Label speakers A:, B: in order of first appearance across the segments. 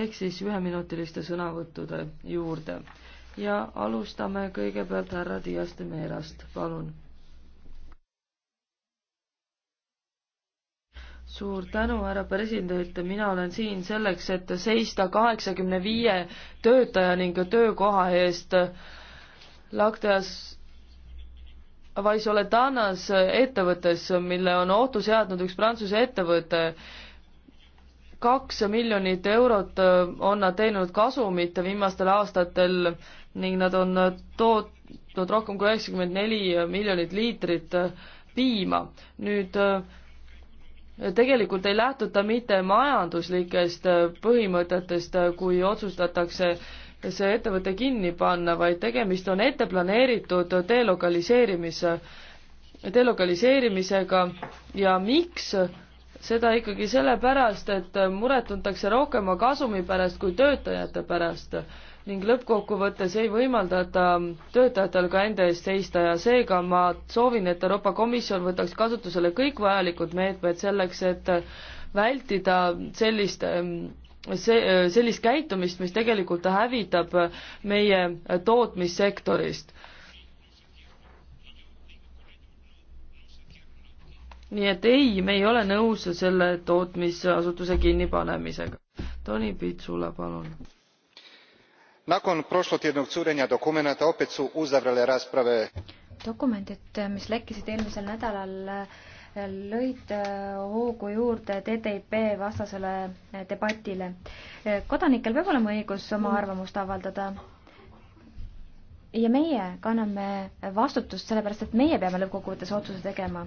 A: ehk siis üheminutiliste sõnavõttude juurde. ja alustame kõigepealt härra Dias de Meerast, palun. suur tänu, härra president, mina olen siin selleks, et seista kaheksakümne viie töötaja ning töökoha eest Lacteas Vaissoletanas ettevõttes, mille on ohtu seadnud üks Prantsuse ettevõte kaks miljonit eurot äh, on nad teeninud kasumit viimastel aastatel ning nad on äh, tootnud rohkem kui üheksakümmend neli miljonit liitrit äh, piima. nüüd tegelikult ei lähtuta mitte majanduslikest põhimõtetest, kui otsustatakse see ettevõte kinni panna, vaid tegemist on etteplaneeritud delokaliseerimise, delokaliseerimisega ja miks seda ikkagi sellepärast, et muret tuntakse rohkem kasumi pärast kui töötajate pärast ning lõppkokkuvõttes ei võimaldata töötajatel ka enda eest seista ja seega ma soovin, et Euroopa Komisjon võtaks kasutusele kõik vajalikud meetmed selleks, et vältida sellist ehm, see, sellist käitumist, mis tegelikult hävitab meie tootmissektorist nii et ei, me ei ole nõus selle tootmisasutuse kinnipanemisega. Toni Pitsula, palun. Nakon prošlotjednog curenja dokumenata opet su uzavrele rasprave.
B: dokumendid, mis lekkisid eelmisel nädalal, lõid hoogu juurde TTIP vastasele debatile. kodanikel peab olema õigus oma arvamust avaldada ja meie kanname vastutust, sellepärast et meie peame lõppkokkuvõttes otsuse tegema.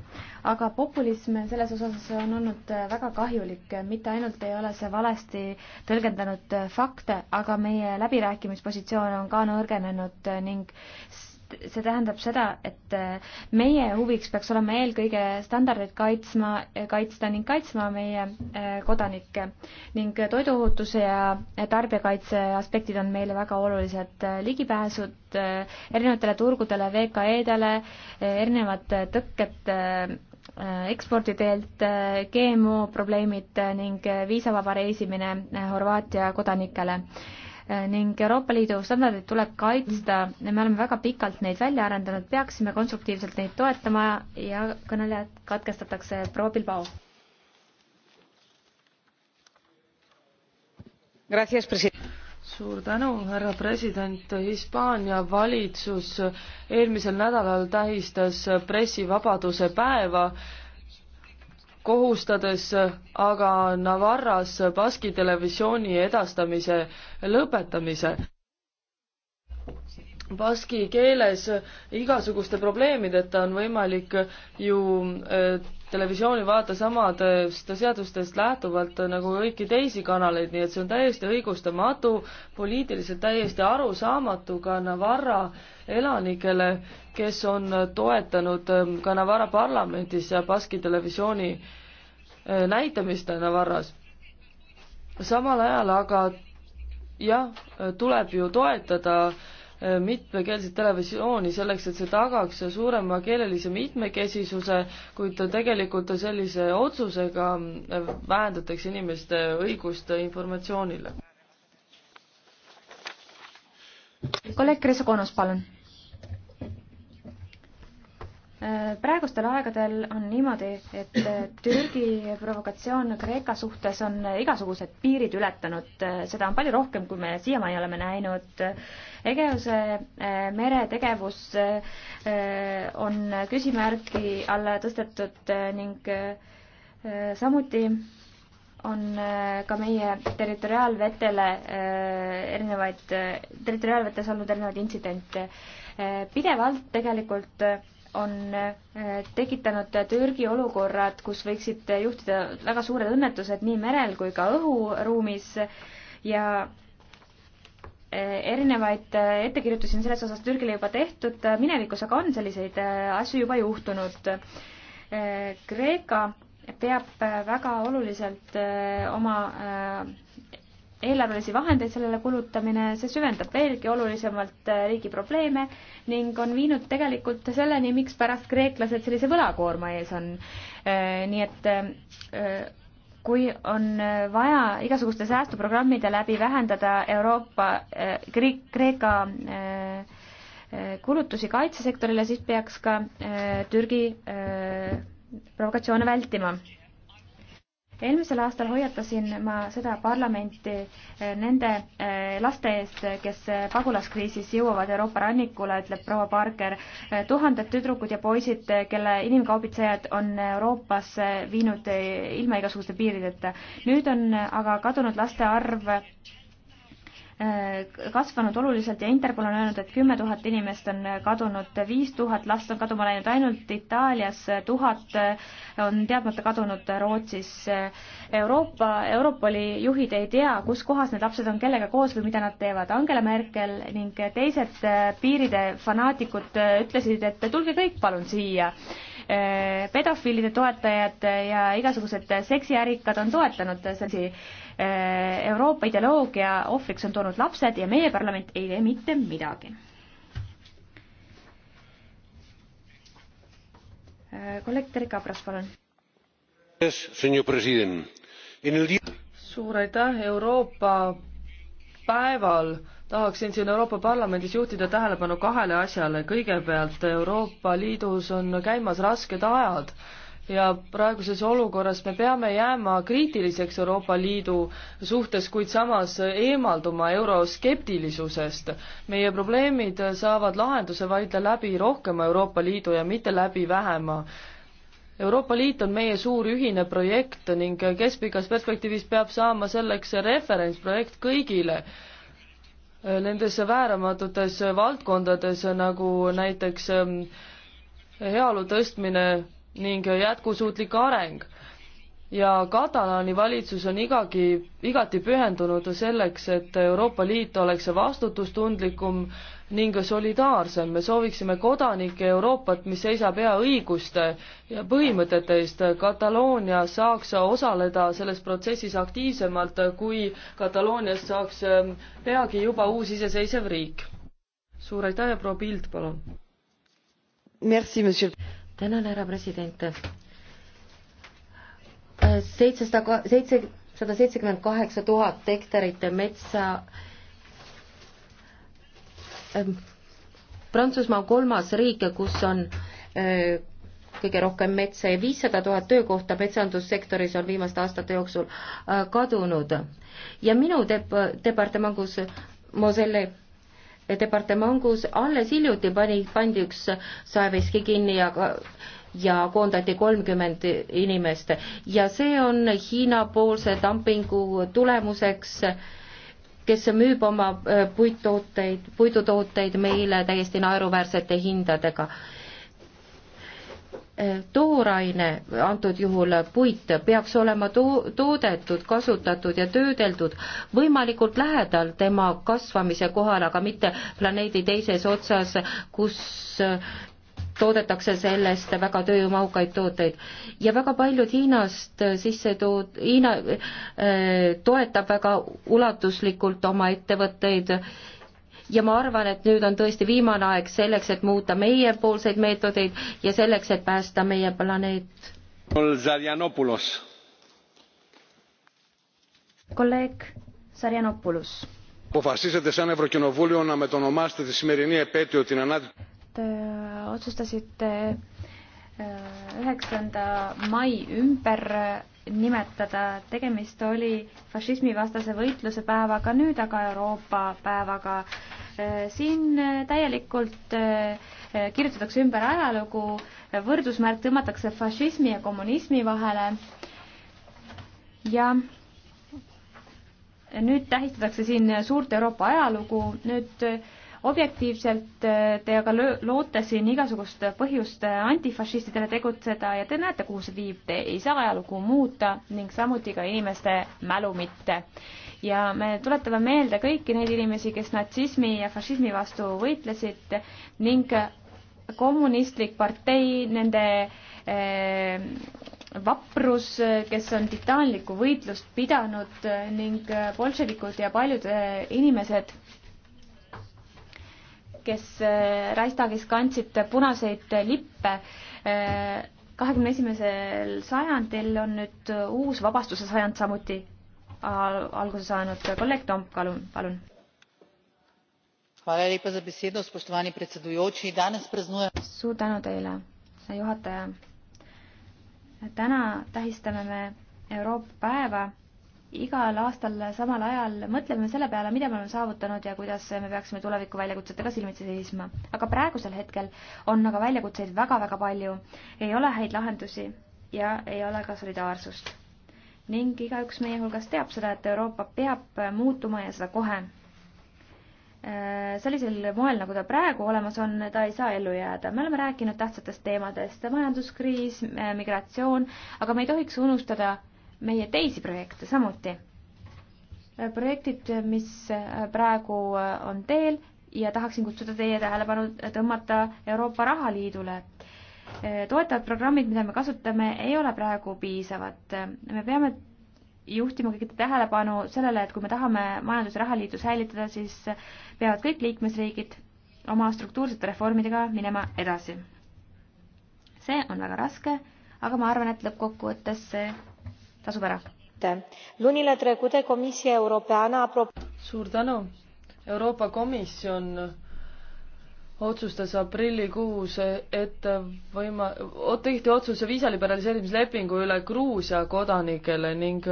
B: aga populism selles osas on olnud väga kahjulik, mitte ainult ei ole see valesti tõlgendanud fakte, aga meie läbirääkimispositsioon on ka nõrgenenud ning see tähendab seda, et äh, meie huviks peaks olema eelkõige standardeid kaitsma, kaitsta ning kaitsma meie äh, kodanikke ning toiduohutuse ja tarbijakaitse aspektid on meile väga olulised. ligipääsud äh, erinevatele turgudele, VKE-dele, erinevad tõkked eksporditeelt, GMO probleemid ning viisavaba reisimine Horvaatia kodanikele Eh, ning Euroopa Liidu standardid tuleb kaitsta, me oleme väga pikalt neid välja arendanud, peaksime konstruktiivselt neid toetama ja kõnelejad katkestatakse,
A: proua Bilbao. suur tänu, härra president, Hispaania valitsus eelmisel nädalal tähistas pressivabaduse päeva kohustades aga Navarras Baski televisiooni edastamise lõpetamise. Baski keeles igasuguste probleemideta on võimalik ju äh, televisiooni vaata samadest seadustest lähtuvalt nagu kõiki teisi kanaleid, nii et see on täiesti õigustamatu, poliitiliselt täiesti arusaamatu ka Navarra elanikele, kes on toetanud ähm, ka Navarra parlamendis ja Baski televisiooni äh, näitamist Navarras. samal ajal aga jah, äh, tuleb ju toetada äh, mitmekeelset televisiooni selleks, et see tagaks suurema keelelise mitmekesisuse, kuid tegelikult sellise otsusega vähendatakse inimeste õigust informatsioonile.
B: kolleeg Kriso Koonus, palun praegustel aegadel on niimoodi, et Türgi provokatsioon Kreeka suhtes on igasugused piirid ületanud, seda on palju rohkem, kui me siiamaani oleme näinud. Egeuse eh, meretegevus eh, on küsimärgi alla tõstetud eh, ning samuti on ka meie territoriaalvetele erinevaid, territoriaalvetes olnud erinevaid intsidente. pidevalt tegelikult on äh, tekitanud Türgi olukorrad, kus võiksid juhtida väga suured õnnetused nii merel kui ka õhuruumis ja äh, erinevaid äh, ettekirjutusi on selles osas Türgile juba tehtud minevikus, aga on selliseid asju juba juhtunud. Kreeka peab väga oluliselt oma eelarvelisi vahendeid sellele kulutamine, see süvendab veelgi olulisemalt äh, riigi probleeme ning on viinud tegelikult selleni, mikspärast kreeklased sellise võlakoorma ees on. Äh, nii et äh, kui on vaja igasuguste säästuprogrammide läbi vähendada Euroopa, Kreeka kulutusi kaitsesektorile, siis peaks ka Türgi provokatsioone vältima eelmisel aastal hoiatasin ma seda parlamenti eh, nende eh, laste eest, kes eh, pagulaskriisis jõuavad Euroopa rannikule, ütleb proua Parker. tuhanded tüdrukud ja poisid, kelle inimkaubitsejad on Euroopasse viinud ilma igasuguste piirideta. nüüd on aga kadunud laste arv Äh, kasvanud oluliselt ja Interpol on öelnud, et kümme tuhat inimest on kadunud, viis tuhat last on kaduma läinud ainult Itaalias, tuhat äh, on teadmata kadunud Rootsis. Euroopa, Europoli juhid ei tea, kus kohas need lapsed on, kellega koos või mida nad teevad. Angela Merkel ning teised äh, piiride fanaatikud ütlesid, et tulge kõik palun siia Eh, pedofiilide toetajad ja igasugused seksiärikad on toetanud sellise eh, Euroopa ideoloogia ohvriks on toonud lapsed ja meie parlament ei tee mitte midagi. Eh, kolleeg Terri Kabras, palun.
A: suur aitäh, Euroopa päeval tahaksin siin Euroopa Parlamendis juhtida tähelepanu kahele asjale. kõigepealt Euroopa Liidus on käimas rasked ajad ja praeguses olukorras me peame jääma kriitiliseks Euroopa Liidu suhtes, kuid samas eemalduma euroskeptilisusest. meie probleemid saavad lahenduse vaid läbi rohkema Euroopa Liidu ja mitte läbi vähema Euroopa Liit on meie suur ühine projekt ning keskpikas perspektiivis peab saama selleks referentsprojekt kõigile nendes vääramatutes valdkondades, nagu näiteks ähm, heaolu tõstmine ning jätkusuutlik areng. ja Katalaani valitsus on igagi, igati pühendunud selleks, et Euroopa Liit oleks vastutustundlikum, ning solidaarsem, me sooviksime kodanike Euroopat, mis seisab hea õiguste ja põhimõtete eest. Kataloonia saaks osaleda selles protsessis aktiivsemalt, kui Katalooniast saaks ähm, peagi juba uus iseseisev riik. suur aitäh ja proua Pild, palun!
C: tänan, härra president! seitsesada, seitse, sada seitsekümmend kaheksa tuhat hektarit metsa Ehm, Prantsusmaa on kolmas riik, kus on eh, kõige rohkem metsa ja viissada tuhat töökohta metsandussektoris on viimaste aastate jooksul eh, kadunud. ja minu dep-, departamangus, Moselle departamangus alles hiljuti pani, pandi üks saeveski kinni ja ja koondati kolmkümmend inimest ja see on Hiina-poolse dumpingu tulemuseks äh, kes müüb oma äh, puittooteid, puidutooteid meile täiesti naeruväärsete hindadega. Äh, tooraine, antud juhul puit, peaks olema to-, toodetud, kasutatud ja töödeldud võimalikult lähedal tema kasvamise kohal, aga mitte planeedi teises otsas, kus äh, toodetakse sellest väga tööjõumahukaid tooteid. ja väga paljud Hiinast sisse tood-, Hiina äh, toetab väga ulatuslikult oma ettevõtteid ja ma arvan, et nüüd on tõesti viimane aeg selleks, et muuta meiepoolseid meetodeid ja selleks, et päästa meie planeet. kolleeg
B: Sarjanopoulos
A: αποφασίσατε σαν ευρωκοινοβούλιο να μετονομάσετε τη σημερινή επέτειο την ανάδειξη
B: te äh, otsustasite äh, üheksanda mai ümber äh, nimetada. tegemist oli fašismivastase võitluse päevaga, nüüd aga Euroopa päevaga. siin täielikult kirjutatakse ümber ajalugu, võrdusmärk tõmmatakse fašismi ja kommunismi vahele ja nüüd tähistatakse siin suurt Euroopa ajalugu, nüüd objektiivselt äh, te aga loote siin igasugust põhjust äh, antifašistidele tegutseda ja te näete, kuhu see viib, te ei saa ajalugu muuta ning samuti ka inimeste mälu mitte. ja me tuletame meelde kõiki neid inimesi, kes natsismi ja fašismi vastu võitlesid ning kommunistlik partei, nende äh, vaprus, kes on titaanlikku võitlust pidanud ning bolševikud ja paljud inimesed kes äh, Reichstagis kandsid punaseid lippe. Äh, kahekümne esimesel sajandil on nüüd uus vabastuse sajand samuti alguse saanud. kolleeg Tomp, palun. suur tänu teile, juhataja. täna tähistame me Euroopa päeva igal aastal samal ajal mõtleme selle peale, mida me oleme saavutanud ja kuidas me peaksime tuleviku väljakutsetega silmitsi seisma. aga praegusel hetkel on aga väljakutseid väga-väga palju, ei ole häid lahendusi ja ei ole ka solidaarsust. ning igaüks meie hulgas teab seda, et Euroopa peab muutuma ja seda kohe. Äh, sellisel moel, nagu ta praegu olemas on, ta ei saa ellu jääda. me oleme rääkinud tähtsatest teemadest, majanduskriis, äh, migratsioon, aga me ei tohiks unustada meie teisi projekte samuti. projektid, mis praegu on teel ja tahaksin kutsuda teie tähelepanu tõmmata Euroopa Rahaliidule. toetavad programmid, mida me kasutame, ei ole praegu piisavad. me peame juhtima kõikide tähelepanu sellele, et kui me tahame majandus- ja rahaliitu säilitada, siis peavad kõik liikmesriigid oma struktuursete reformidega minema edasi. see on väga raske, aga ma arvan, et
C: lõppkokkuvõttes
A: see tasub ära. lunile trecute Comisia Europeană a suur tänu. Euroopa Komisjon otsustas aprillikuus, et võima-, tehti otsuse viisaliberaliseerimislepingu üle Gruusia kodanikele ning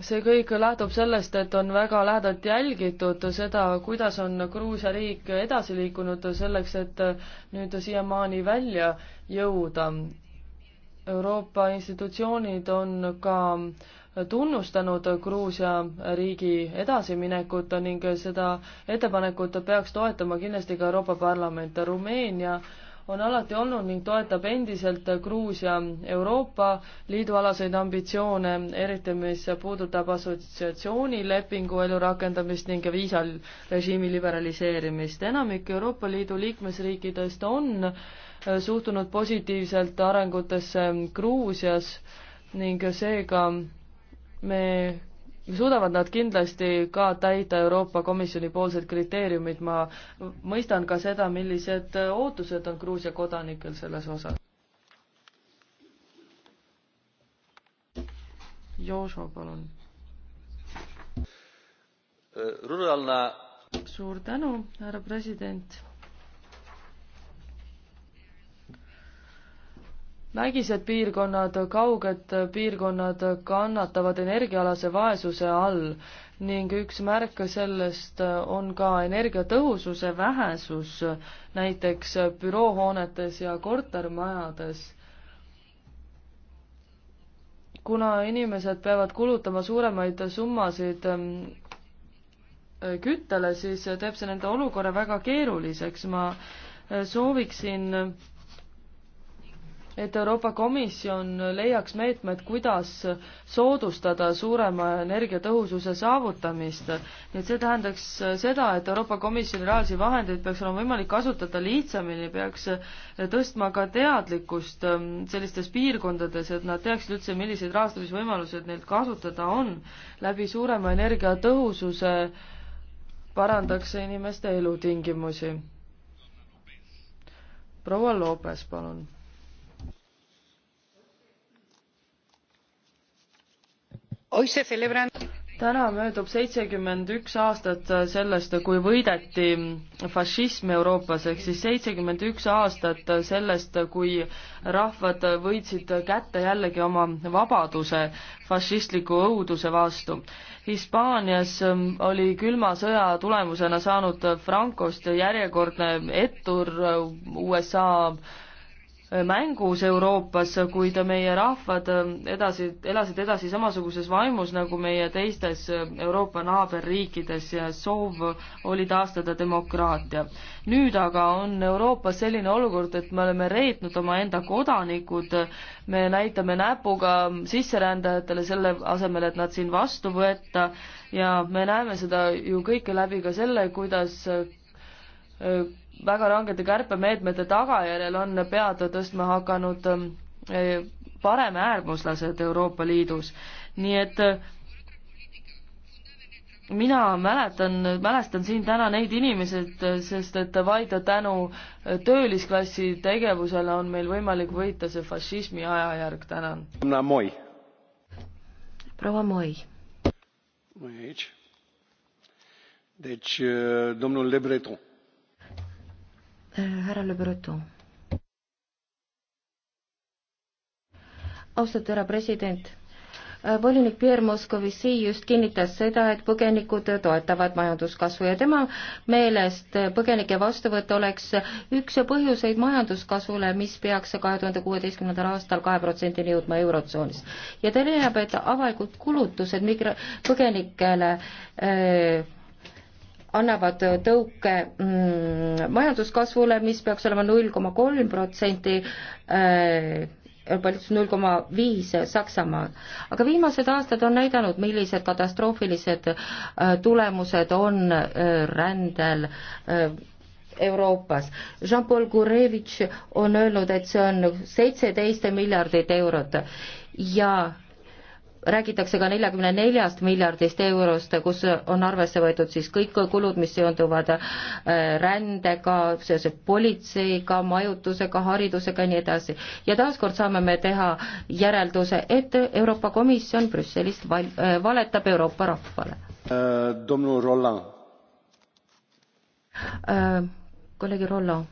A: see kõik lähtub sellest, et on väga lähedalt jälgitud seda, kuidas on Gruusia riik edasi liikunud selleks, et nüüd siiamaani välja jõuda. Euroopa institutsioonid on ka tunnustanud Gruusia riigi edasiminekut ning seda ettepanekut peaks toetama kindlasti ka Euroopa Parlament. Rumeenia on alati olnud ning toetab endiselt Gruusia Euroopa Liidu alaseid ambitsioone, eriti mis puudutab assotsiatsioonilepingu elurakendamist ning viisarežiimi liberaliseerimist. enamik Euroopa Liidu liikmesriikidest on Äh, suhtunud positiivselt arengutesse Gruusias ning seega me suudavad nad kindlasti ka täita Euroopa Komisjoni poolsed kriteeriumid, ma mõistan ka seda, millised ootused on Gruusia kodanikel selles osas. Jošo, palun. Äh, Ruralna. suur tänu, härra president märgised piirkonnad, kauged piirkonnad kannatavad energiaalase vaesuse all ning üks märk sellest on ka energiatõhususe vähesus näiteks büroohoonetes ja kortermajades. kuna inimesed peavad kulutama suuremaid summasid ähm, äh, küttele, siis teeb see nende olukorra väga keeruliseks, ma äh, sooviksin et Euroopa Komisjon leiaks meetmed, kuidas soodustada suurema energiatõhususe saavutamist. nii et see tähendaks seda, et Euroopa Komisjoni rahalisi vahendeid peaks olema võimalik kasutada lihtsamini, peaks tõstma ka teadlikkust ähm, sellistes piirkondades, et nad teaksid üldse, millised rahastamisvõimalused neil kasutada on. läbi suurema energiatõhususe parandaks see inimeste elutingimusi proua Loobes, palun täna möödub seitsekümmend üks aastat sellest, kui võideti fašism Euroopas, ehk siis seitsekümmend üks aastat sellest, kui rahvad võitsid kätte jällegi oma vabaduse fašistliku õuduse vastu. Hispaanias oli külma sõja tulemusena saanud Francost järjekordne ettur USA mängus Euroopas, kuid meie rahvad äh, edasi, elasid edasi samasuguses vaimus nagu meie teistes äh, Euroopa naaberriikides ja soov oli taastada demokraatia. nüüd aga on Euroopas selline olukord, et me oleme reetnud omaenda kodanikud, me näitame näpuga sisserändajatele selle asemel, et nad siin vastu võtta ja me näeme seda ju kõike läbi ka selle, kuidas äh, väga rangete kärpemeetmete tagajärjel on pead tõstma hakanud ähm, eh, paremäärmuslased Euroopa Liidus, nii et äh, mina mäletan, mälestan siin täna neid inimesed, äh, sest et vaid tänu äh, töölisklassi tegevusele on meil võimalik võita see fašismi ajajärg, tänan. proua Moi. deci domnul Le Breton
C: Eh, härra Le Breton. austatud härra president eh, volinik Pierre Moscovici just kinnitas seda, et põgenikud toetavad majanduskasvu ja tema meelest põgenike vastuvõtt oleks üks põhjuseid majanduskasvule, mis peaks kahe tuhande kuueteistkümnendal aastal kahe protsendini jõudma Eurotsoonis. ja ta leiab, et avalikud kulutused migra-, põgenikele öö, eh, annavad tõuke mm, majanduskasvule, mis peaks olema null koma kolm protsenti Euroopa äh, Liidus null koma viis Saksamaal. aga viimased aastad on näidanud, millised katastroofilised äh, tulemused on äh, rändel Euroopas. Jean-Paul Gurevitš on öelnud, et see on seitseteist miljardit eurot ja räägitakse ka neljakümne neljast miljardist eurost, kus on arvesse võetud siis kõik kulud, mis seonduvad äh, rändega, seoses politseiga, majutusega, haridusega ja nii edasi. ja taaskord saame me teha järelduse, et Euroopa Komisjon Brüsselist val-, äh, valetab Euroopa rahvale
A: äh,.
C: äh kolleeg Rollo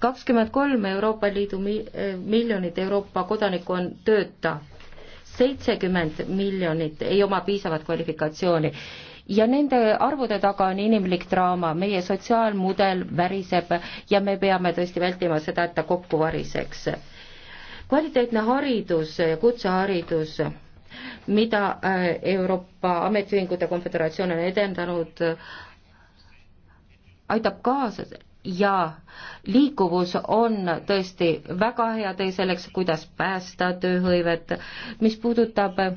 C: kakskümmend kolm Euroopa Liidu eh, miljonit Euroopa kodanikku on tööta, seitsekümmend miljonit ei oma piisavat kvalifikatsiooni ja nende arvude taga on inimlik draama, meie sotsiaalmudel väriseb ja me peame tõesti vältima seda, et ta kokku variseks. kvaliteetne haridus, kutseharidus, mida eh, Euroopa Ametiühingute Konföderatsioon on edendanud, aitab kaasa ja liikuvus on tõesti väga hea tee selleks, kuidas päästa tööhõivet. mis puudutab äh,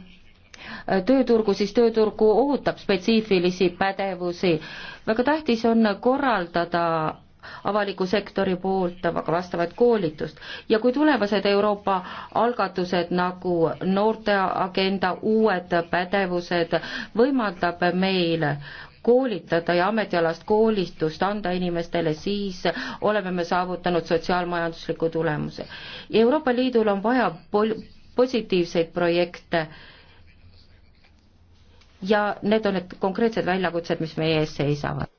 C: tööturgu, siis tööturgu ootab spetsiifilisi pädevusi. väga tähtis on korraldada avaliku sektori poolt aga vastavat koolitust ja kui tulevased Euroopa algatused nagu noorteagenda uued pädevused võimaldab meil koolitada ja ametialast koolitust anda inimestele, siis oleme me saavutanud sotsiaalmajandusliku tulemuse. Euroopa Liidul on vaja pol-, positiivseid projekte ja need on need konkreetsed väljakutsed, mis meie ees seisavad.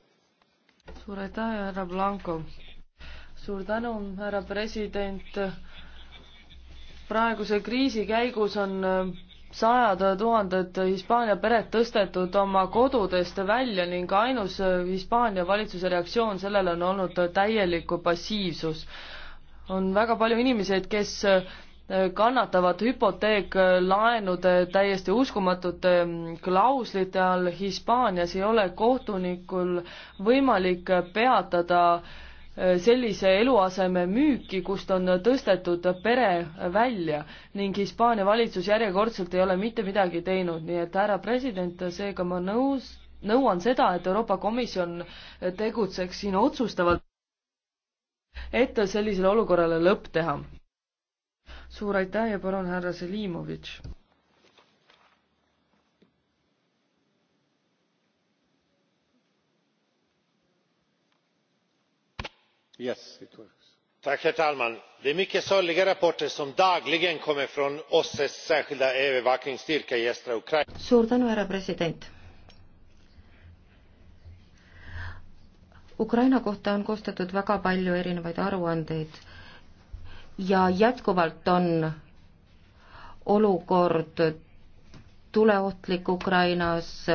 A: suur aitäh, härra Blanco! suur tänu, härra president! praeguse kriisi käigus on sajad tuhanded Hispaania pered tõstetud oma kodudest välja ning ainus Hispaania valitsuse reaktsioon sellele on olnud täielikku passiivsus. on väga palju inimesi, kes kannatavad hüpoteeklaenude täiesti uskumatute klauslite all, Hispaanias ei ole kohtunikul võimalik peatada äh, sellise eluaseme müüki, kust on tõstetud pere välja ning Hispaania valitsus järjekordselt ei ole mitte midagi teinud, nii et härra president, seega ma nõus, nõuan seda, et Euroopa Komisjon tegutseks siin otsustavalt, et sellisele olukorrale lõpp teha. suur aitäh ja palun, härra Selimovitš! herr talman! det är mycket sorgliga rapporter som dagligen kommer från osses särskilda övervakningsstyrka i östra
C: ukraina. ukraina kohta on koostatud väga palju erinevaid aruandeid ja jätkuvalt on olukord tuleohtlik Ukrainas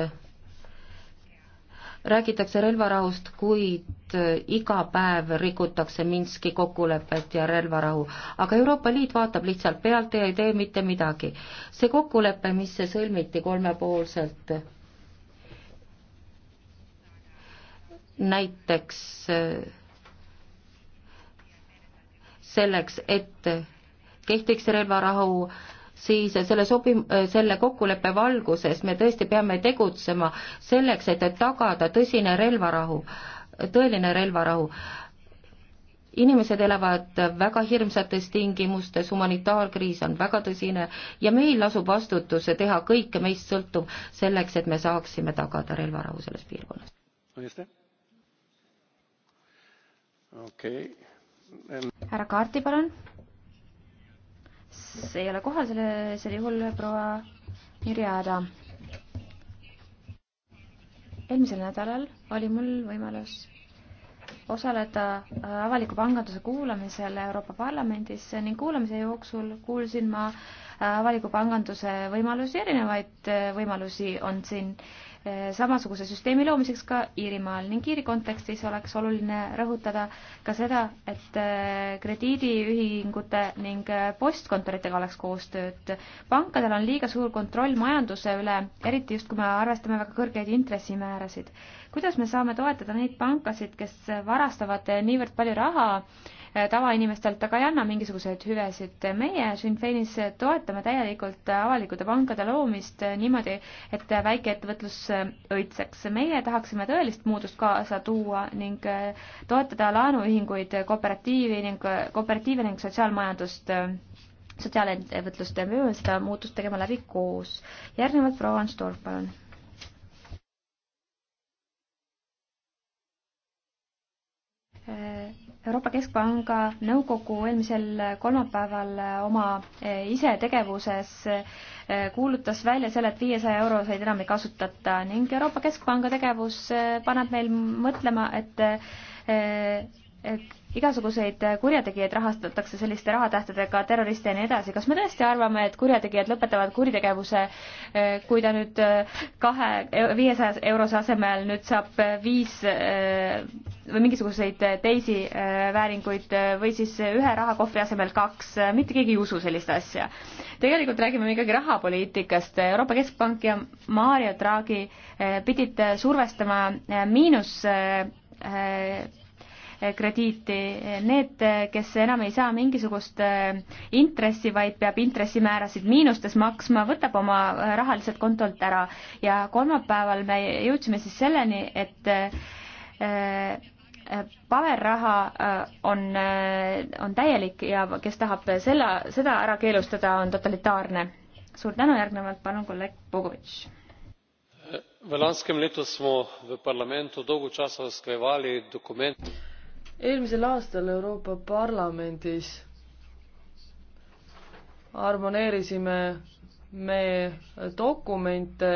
C: räägitakse relvarahust, kuid äh, iga päev rikutakse Minski kokkulepet ja relvarahu. aga Euroopa Liit vaatab lihtsalt pealt ja ei tee mitte midagi. see kokkulepe, mis see sõlmiti kolmepoolselt, näiteks äh, selleks, et kehtiks relvarahu siis selle sobi-, selle kokkuleppe valguses me tõesti peame tegutsema selleks, et tagada tõsine relvarahu, tõeline relvarahu inimesed elavad väga hirmsates tingimustes, humanitaarkriis on väga tõsine ja meil lasub vastutus teha kõike meist sõltuv selleks, et me saaksime tagada relvarahu selles piirkonnas.
B: härra Kaarti, palun see ei ole kohal, selle, sel juhul proua Mirje Aada. eelmisel nädalal oli mul võimalus osaleda äh, avaliku panganduse kuulamisel Euroopa Parlamendis ning kuulamise jooksul kuulsin ma äh, avaliku panganduse võimalusi, erinevaid äh, võimalusi on siin äh, Eh, samasuguse süsteemi loomiseks ka Iirimaal ning Iiri kontekstis oleks oluline rõhutada ka seda, et eh, krediidiühingute ning eh, postkontoritega oleks koostööd. pankadel on liiga suur kontroll majanduse üle, eriti just, kui me arvestame väga kõrgeid intressimäärasid kuidas me saame toetada neid pankasid, kes varastavad eh, niivõrd palju raha eh, tavainimestelt, aga ei anna mingisuguseid hüvesid. meie Sinn Feinis toetame täielikult avalikude pankade loomist eh, niimoodi, et väikeettevõtlus õitseks. meie tahaksime tõelist muutust kaasa tuua ning toetada laenuühinguid, kooperatiivi ning, kooperatiive ning sotsiaalmajandust sotsiaalettevõtlust ja me peame seda muutust tegema läbi koos. järgnevalt proua Anstorp, palun Euroopa Keskpanga nõukogu eelmisel kolmapäeval oma eh, isetegevuses eh, kuulutas välja selle, et viiesaja euroseid enam ei kasutata ning Euroopa Keskpanga tegevus eh, paneb meil mõtlema, et et igasuguseid kurjategijaid rahastatakse selliste rahatähtedega, terroriste ja nii edasi, kas me tõesti arvame, et kurjategijad lõpetavad kuritegevuse, eh, kui ta nüüd eh, kahe, eh, viiesajas eurose asemel nüüd saab viis või mingisuguseid teisi vääringuid või siis ühe rahakohvri asemel kaks, mitte keegi ei usu sellist asja. tegelikult räägime me ikkagi rahapoliitikast, Euroopa Keskpank ja Mario Draghi pidid survestama miinus krediiti. Need, kes enam ei saa mingisugust äh, intressi, vaid peab intressimäärasid miinustes maksma, võtab oma äh, raha lihtsalt kontolt ära. ja kolmapäeval me jõudsime siis selleni, et äh, paberraha on, on täielik ja kes tahab selle, seda ära keelustada, on totalitaarne. suur tänu,
A: järgnevalt palun kolleeg Bogovitš v lanskem letu smo v parlamentu dolgo časa usklajevali dokument eelmisel aastal Euroopa Parlamendis harmoneerisime me dokumente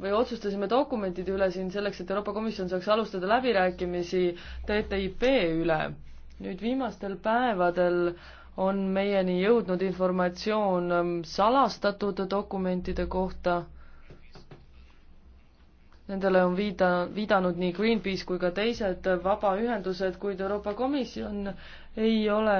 A: või otsustasime dokumentide üle siin selleks, et Euroopa Komisjon saaks alustada läbirääkimisi TTIP üle. nüüd viimastel päevadel on meieni jõudnud informatsioon ähm, salastatud dokumentide kohta Nendele on viida, viidanud nii Greenpeace kui ka teised vabaühendused, kuid Euroopa Komisjon ei ole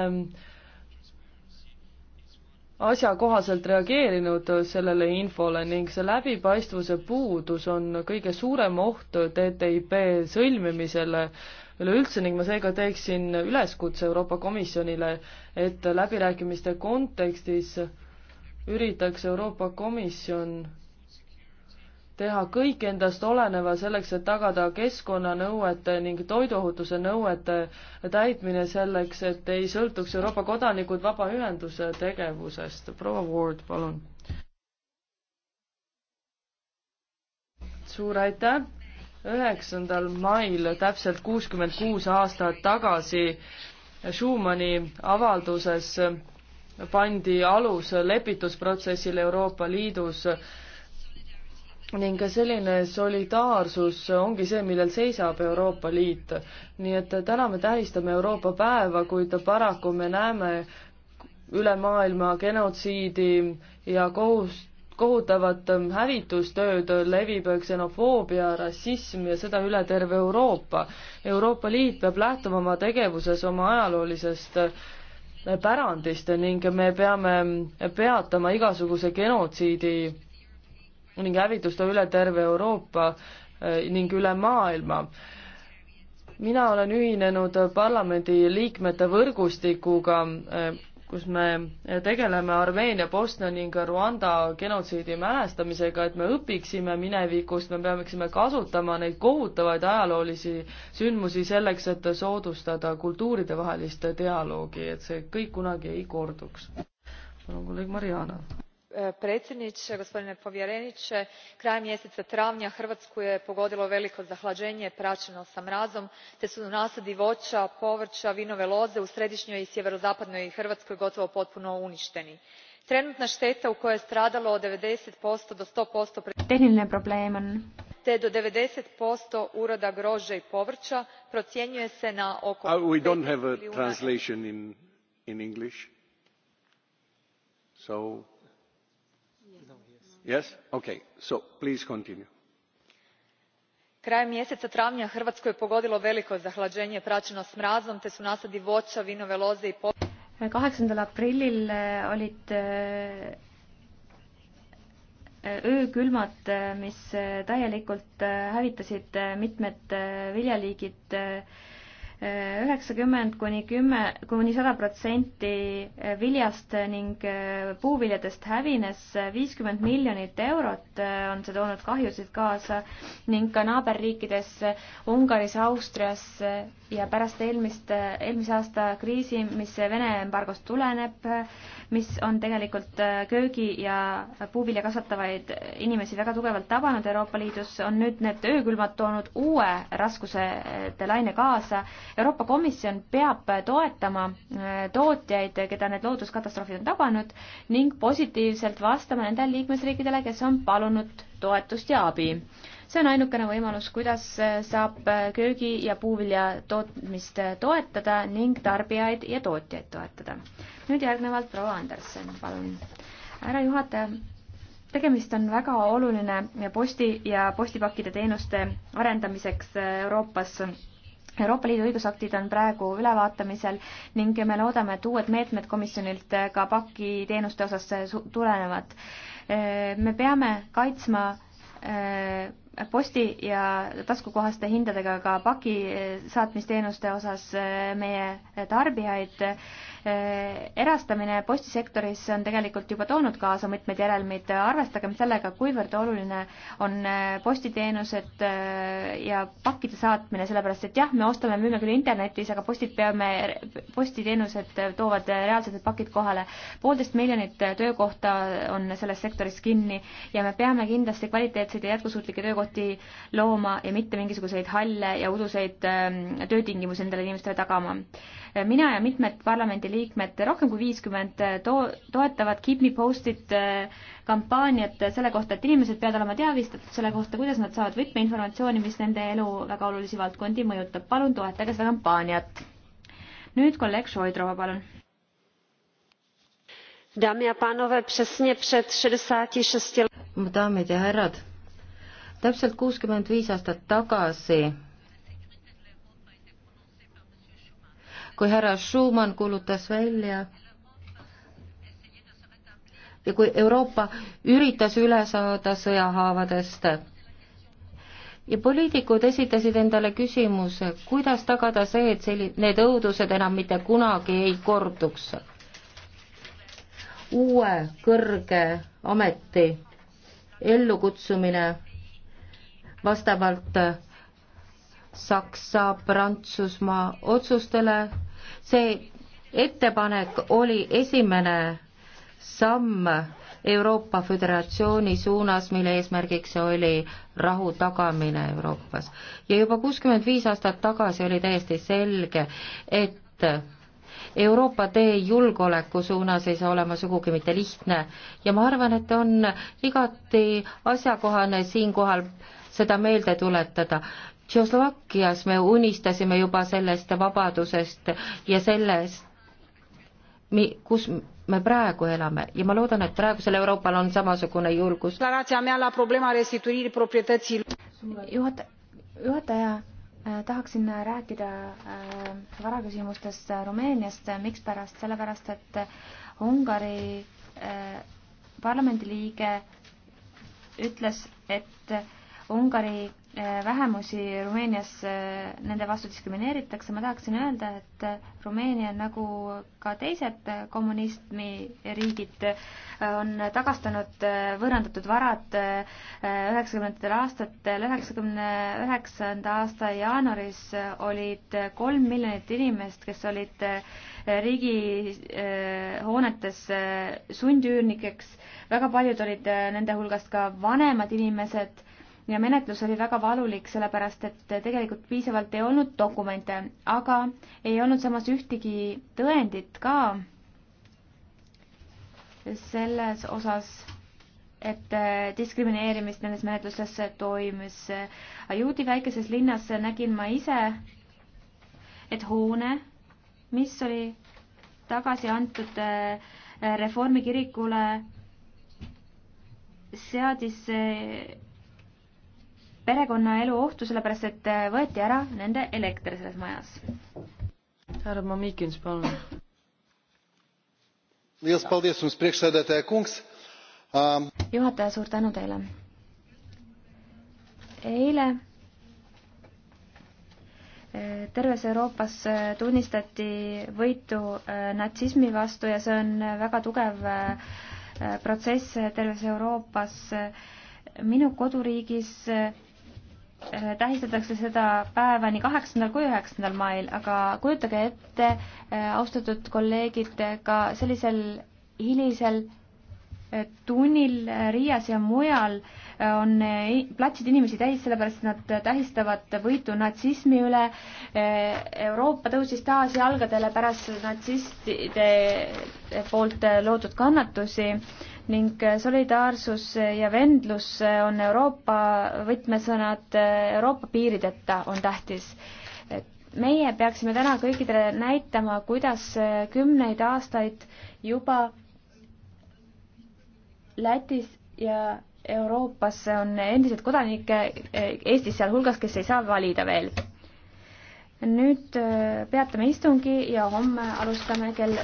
A: asjakohaselt reageerinud sellele infole ning see läbipaistvuse puudus on kõige suurem oht TTIP sõlmimisele üleüldse ning ma seega teeksin üleskutse Euroopa Komisjonile, et läbirääkimiste kontekstis üritaks Euroopa Komisjon teha kõik endast oleneva selleks, et tagada keskkonnanõuete ning toiduohutuse nõuete täitmine selleks, et ei sõltuks Euroopa kodanikud vabaühenduse tegevusest. proua Ward, palun. suur aitäh! üheksandal mail täpselt kuuskümmend kuus aastat tagasi Schumanni avalduses pandi alus lepitusprotsessile Euroopa Liidus ning selline solidaarsus ongi see, millel seisab Euroopa Liit. nii et täna me tähistame Euroopa päeva, kuid paraku me näeme üle maailma genotsiidi ja kohust, kohutavat hävitustööd, levib ksenofoobia, rassism ja seda üle terve Euroopa. Euroopa Liit peab lähtuma oma tegevuses oma ajaloolisest pärandist ning me peame peatama igasuguse genotsiidi ning hävituste üle terve Euroopa eh, ning üle maailma. mina olen ühinenud parlamendi liikmete võrgustikuga, eh, kus me tegeleme Armeenia, Bosnia ning Rwanda genotsiidi mälestamisega, et me õpiksime minevikust, me peaksime kasutama neid kohutavaid ajaloolisi sündmusi selleks, et soodustada kultuuridevahelist dialoogi, et see kõik kunagi ei korduks. palun, kolleeg Mariana.
B: E, predsjednie gospodine povjerenie krajem mjeseca travnja hrvatsku je pogodilo veliko zahlaenje praćeno sa mrazom te su nasadi voća povrća vinove loze u središnjoj i sjeverozapadnoj hrvatskoj gotovo potpuno uništeni. trenutna šteta u kojoj je stradalo od ninety do one hundred te do ninety uroda grožđa i povrća procjenjuje se na oko five uh, milijuna eura krajem mjeseca travnja hrvatsku je pogodilo veliko zahlaenje praćeno s mrazom te su nasadi voća vinove loze i povrće. aprillil e, olid e, e, öökülmad mis täielikult hävitasid mitmed viljaliigid üheksakümmend kuni kümme, kuni sada protsenti viljast ning äh, puuviljadest hävines, viiskümmend miljonit eurot äh, on see toonud kahjusid kaasa ning ka naaberriikides Ungaris, Austrias äh, ja pärast eelmist, eelmise aasta kriisi, mis Vene embargost tuleneb, mis on tegelikult köögi ja puuvilja kasvatavaid inimesi väga tugevalt tabanud Euroopa Liidus, on nüüd need öökülmad toonud uue raskuse laine kaasa Euroopa Komisjon peab toetama äh, tootjaid, keda need looduskatastroofid on tabanud ning positiivselt vastama nendele liikmesriikidele, kes on palunud toetust ja abi. see on ainukene võimalus, kuidas äh, saab äh, köögi- ja puuvilja tootmist toetada ning tarbijaid ja tootjaid toetada. nüüd järgnevalt proua Andersen, palun. härra juhataja tegemist on väga oluline posti ja postipakkide teenuste arendamiseks Euroopas Euroopa Liidu õigusaktid on praegu ülevaatamisel ning me loodame, et uued meetmed komisjonilt ka pakiteenuste osas tulenevad. me peame kaitsma posti ja taskukohaste hindadega ka pakisaatmisteenuste osas meie tarbijaid Äh, erastamine postisektoris on tegelikult juba toonud kaasa mitmeid järelmeid, arvestagem sellega, kuivõrd oluline on äh, postiteenused äh, ja pakkide saatmine, sellepärast et jah, me ostame, müüme küll internetis, aga postid peame, postiteenused toovad reaalselt need pakid kohale. poolteist miljonit töökohta on selles sektoris kinni ja me peame kindlasti kvaliteetseid ja jätkusuutlikke töökohti looma ja mitte mingisuguseid halle ja uduseid ähm, töötingimusi endale inimestele tagama. mina ja mitmed parlamendi liikmed, rohkem kui viiskümmend to-, toetavad Keep Me Posted äh, kampaaniat selle kohta, et inimesed peavad olema teavistatud selle kohta, kuidas nad saavad võtmeinformatsiooni, mis nende elu väga olulisi valdkondi mõjutab. palun toetage seda kampaaniat.
C: nüüd kolleeg Šoidrova, palun. Dámy a pánové, přesně před 66 daamid ja härrad, täpselt kuuskümmend viis aastat tagasi kui härra Schumann kuulutas välja ja kui Euroopa üritas üle saada sõjahaavadest. ja poliitikud esitasid endale küsimuse, kuidas tagada see, et selli-, need õudused enam mitte kunagi ei korduks. uue kõrge ameti ellukutsumine vastavalt Saksa, Prantsusmaa otsustele see ettepanek oli esimene samm Euroopa Föderatsiooni suunas, mille eesmärgiks oli rahu tagamine Euroopas. ja juba kuuskümmend viis aastat tagasi oli täiesti selge, et Euroopa tee julgeoleku suunas ei saa olema sugugi mitte lihtne ja ma arvan, et on igati asjakohane siinkohal seda meelde tuletada Tšehhoslovakkias me unistasime juba sellest vabadusest ja sellest, mi-, kus me praegu elame ja ma loodan, et praegusel Euroopal on samasugune julgus.
B: juhataja, juhataja, äh, tahaksin rääkida äh, varaküsimustest äh, Rumeeniast, mikspärast, sellepärast et Ungari parlamendiliige ütles, et Ungari Eh, vähemusi Rumeenias, eh, nende vastu diskrimineeritakse, ma tahaksin öelda, et eh, Rumeenia, nagu ka teised kommunismi riigid, on tagastanud võõrandatud varad üheksakümnendatel aastatel, üheksakümne üheksanda aasta jaanuaris olid kolm miljonit inimest, kes olid riigihoonetes sundüürnikeks, väga paljud olid nende hulgast ka vanemad inimesed ja menetlus oli väga valulik, sellepärast et tegelikult piisavalt ei olnud dokumente, aga ei olnud samas ühtegi tõendit ka selles osas, et diskrimineerimist nendes menetlustes toimus. Ajuudi väikeses linnas nägin ma ise, et hoone, mis oli tagasi antud eh, reformi kirikule, seadis eh, perekonnaelu ohtu, sellepärast et äh, võeti ära nende elekter selles majas.
A: härra Mamikins, palun. Ähm, juhataja, suur tänu teile.
B: eile äh, terves Euroopas äh, tunnistati võitu natsismi vastu ja see on väga tugev protsess terves Euroopas. minu koduriigis Äh, tähistatakse seda päeva nii kaheksandal kui üheksandal mail, aga kujutage ette, äh, austatud kolleegid, ka sellisel hilisel äh, tunnil Riias ja mujal on platsid inimesi täis, sellepärast et nad tähistavad võitu natsismi üle. Euroopa tõusis taas jalgadele pärast natsistide poolt loodud kannatusi ning solidaarsus ja vendlus on Euroopa võtmesõnad, Euroopa piirideta on tähtis. meie peaksime täna kõikidele näitama, kuidas kümneid aastaid juba Lätis ja Euroopas on endiseid kodanikke, Eestis sealhulgas, kes ei saa valida veel. nüüd äh, peatame istungi ja homme alustame kell